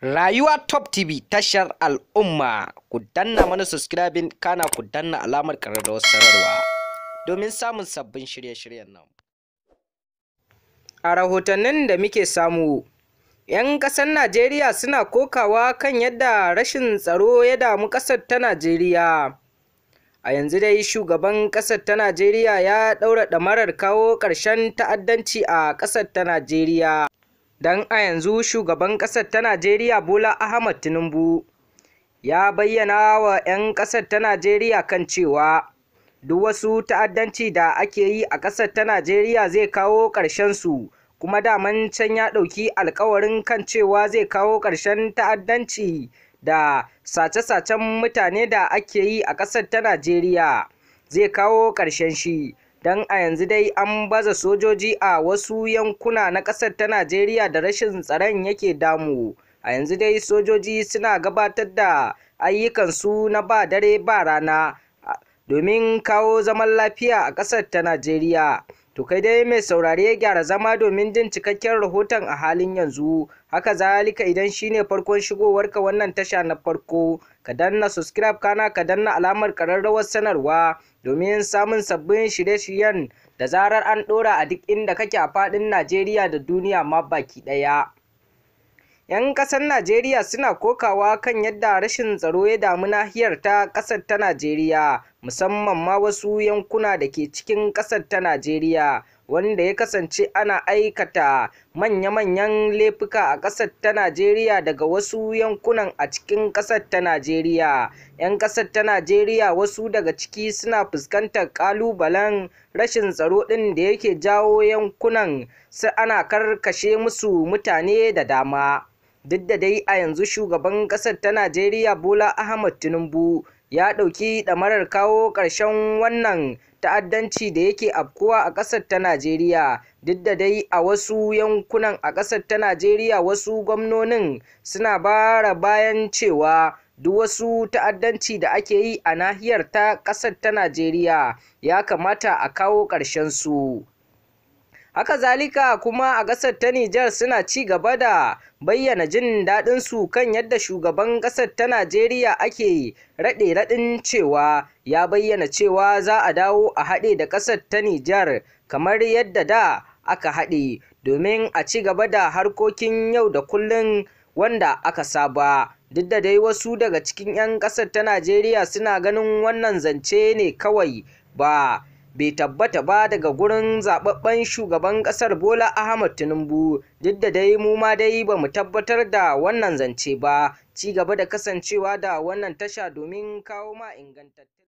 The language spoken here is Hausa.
Rayuwa Top TV tashar al'umma ku danna mana subscribing kana ku danna alamar ƙararrawar sanarwa domin samun sabbin shirye-shiryen nan. A rahotannin da muke samu, 'yan ƙasar Najeriya suna kokawa kan yadda rashin tsaro ya damu ƙasar ta Najeriya. A yanzu dai shugaban ƙasar ta Najeriya ya ɗaura ɗamarar kawo ƙarshen ta'addanci a ƙasar ta Najeriya. don a yanzu shugaban ƙasar ta najeriya bola ahmad tinubu ya bayyana wa 'yan ƙasar ta najeriya kan cewa duk wasu ta'addanci da ake yi a ƙasar ta najeriya zai kawo ƙarshen su, kuma daman can ya ɗauki alkawarin kan cewa zai kawo ƙarshen ta'addanci da sace-sacen mutane da ake yi a ƙasar ta najeriya zai kawo ƙarshen shi don a yanzu dai an baza sojoji a wasu yankuna na ƙasar ta najeriya da rashin tsaron yake damu a yanzu dai sojoji suna gabatar da ayyukansu na ba dare ba rana domin kawo zaman lafiya a ƙasar ta najeriya To kai dai mai saurare gyara zama domin jin cikakken rahoton a halin yanzu. Haka zalika idan shine farkon shigowarka wannan tasha na farko, ka danna subscribe kana ka danna alamar kararrawar sanarwa domin samun sabbin shirye-shiryen da zarar an ɗora a duk inda kake a faɗin Najeriya da duniya ma baki ɗaya. 'Yan ƙasar Najeriya suna kokawa kan yadda rashin tsaro ya damu nahiyar ta ƙasar ta Najeriya musamman ma wasu yankuna da ke cikin ƙasar ta Najeriya wanda ya kasance ana aikata manya-manyan laifuka a ƙasar ta Najeriya daga wasu yankunan a cikin ƙasar ta Najeriya. 'Yan ƙasar ta Najeriya wasu daga ciki suna fuskantar ƙalubalen rashin tsaro ɗin da yake jawo yankunan sai ana karkashe musu mutane da dama. Duk da dai a yanzu shugaban ƙasar ta Najeriya Bola Ahmad Tinubu ya ɗauki ɗamarar kawo ƙarshen wannan ta'addanci da yake afkuwa a ƙasar ta Najeriya duk da dai a wasu yankunan a ƙasar ta Najeriya wasu gwamnonin suna bara bayan cewa duk wasu ta'addanci da ake yi a nahiyar ta ƙasar ta Najeriya ya kamata a kawo ƙarshen su. haka zalika kuma a ƙasar ta Nijar suna ci gaba da bayyana jin daɗin su kan yadda shugaban ƙasar ta Najeriya ake raɗe raɗin cewa ya bayyana cewa za a dawo a haɗe da ƙasar ta Nijar kamar yadda da aka haɗe domin a ci gaba da harkokin yau da kullun wanda aka saba duk da dai wasu daga cikin 'yan ƙasar ta Najeriya suna ganin wannan zance ne kawai ba bai tabbata ba daga gurin zababben shugaban kasar Bola Ahmad Tinubu duk da dai mu ma dai ba mu tabbatar da wannan zance ba ci gaba da kasancewa da wannan tasha domin kawo ma ingantattun